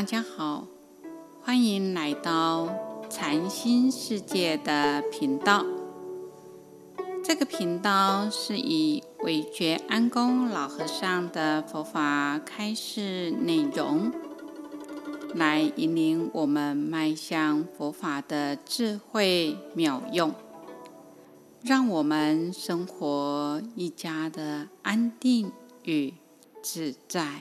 大家好，歡迎來到禪心世界的頻道。這個頻道是以惟覺安公老和尚的佛法開示內容，來引領我們邁向佛法的智慧妙用，讓我們生活更加的安定與自在。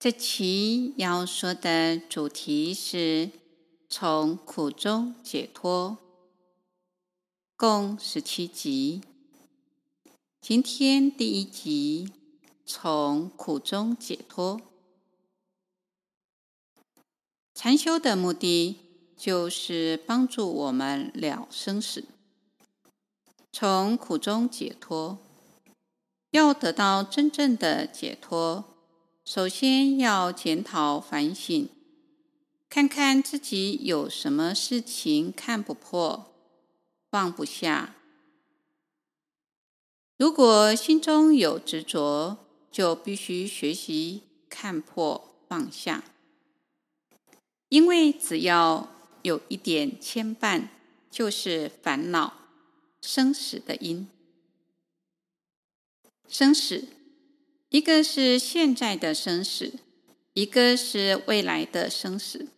這期要說的主題是從苦中解脫，共十七集。今天第一集，從苦中解脫。禪修的目的就是幫助我們了生死，從苦中解脫。要得到真正的解脫，首先要檢討反省，看看自己有什麼事情看不破、放不下。如果心中有執着，就必須學習看破放下，因為只要有一點牽絆，就是煩惱、生死的因。生死。一個是現在的生死，一個是未來的生死。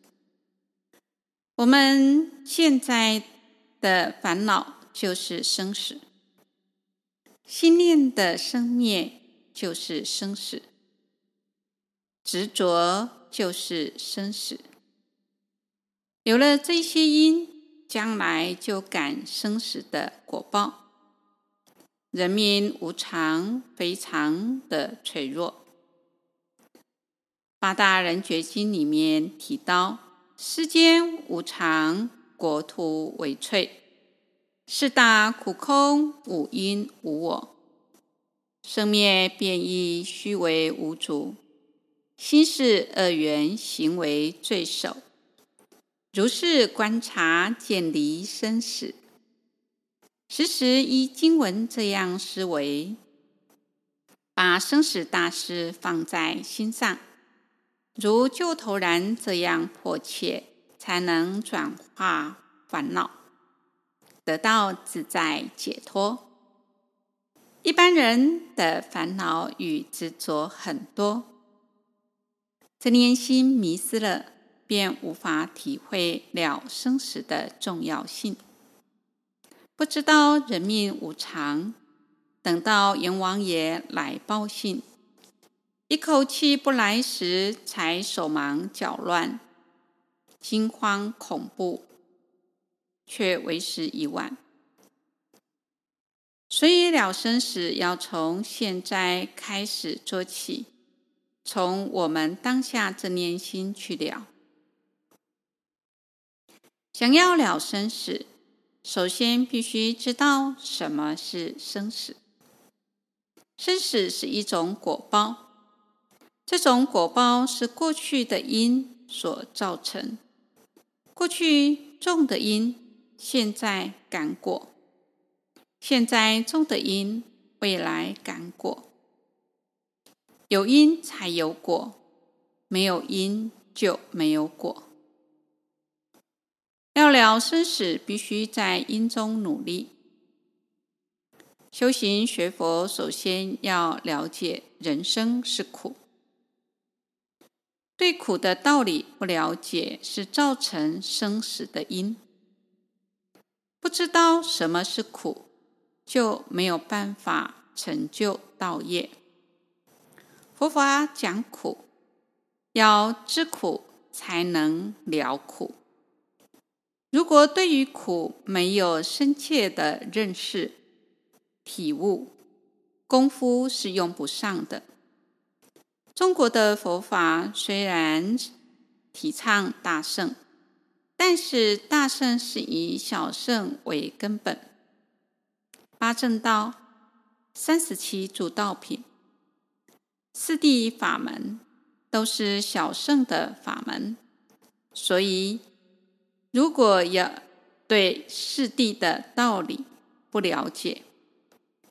我們現在的煩惱就是生死，心念的生滅就是生死，執着就是生死。有了這些因，將來就感生死的果報。人民無常，非常的脆弱。八大人覺經裡面提到：世間無常，國土危脆，四大苦空，五陰無我，生滅變異，虛偽無主，心是惡源，形為罪藪。如是觀察，漸離生死。時時依經文這樣思維，把生死大事放在心上，如救頭燃這樣迫切，才能轉化煩惱，得到自在解脫。一般人的煩惱與執着很多，這念心迷失了，便無法體會了生死的重要性。不知道人命無常，等到閻王爺來報信，一口氣不來時，才手忙腳亂、驚慌恐怖，卻為時已晚。所以了生死要從現在開始做起，從我們當下這念心去了，想要了生死。首先，必須知道什麼是生死。生死是一種果報，這種果報是過去的因所造成。過去種的因，現在感果；現在種的因，未來感果。有因才有果，沒有因就沒有果。不了生死，必須在因中努力修行學佛。首先要了解人生是苦。對苦的道理不了解，是造成生死的因。不知道什麼是苦，就沒有辦法成就道業。佛法講苦，要知苦，才能了苦。如果對於苦沒有深切的認識、體悟，功夫是用不上的。中國的佛法雖然提倡大乘，但是大乘是以小乘為根本。八正道、三十七助道品、四諦法門，都是小乘的法門，所以，如果要對四諦的道理不了解，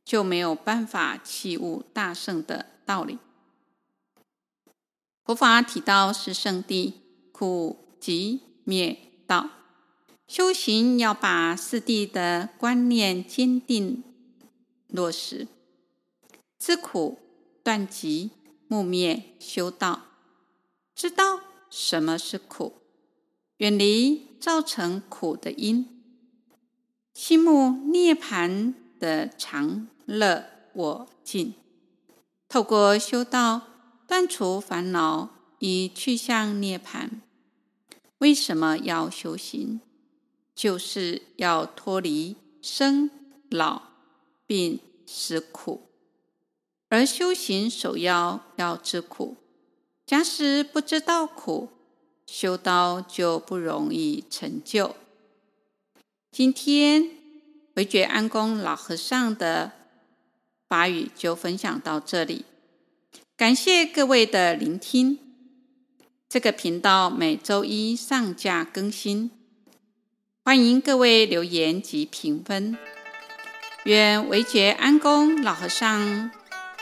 就沒有辦法起悟大聖的道理。佛法提到是聖諦苦集滅道，修行要把四諦的觀念堅定落實，知苦斷集慕滅修道，知道什麼是苦，遠離造成苦的因，心慕涅槃的常樂我淨。透過修道斷除煩惱，以去向涅槃。為什麼要修行？就是要脫離生老病死苦。而修行首要要知苦，假使不知道苦。修道就不容易成就。今天，惟覺安公老和尚的法語就分享到這裡，感謝各位的聆聽。這個頻道每周一上架更新，歡迎各位留言及評分。願惟覺安公老和尚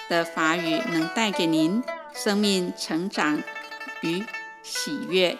的法語能帶給您生命成長與喜悅。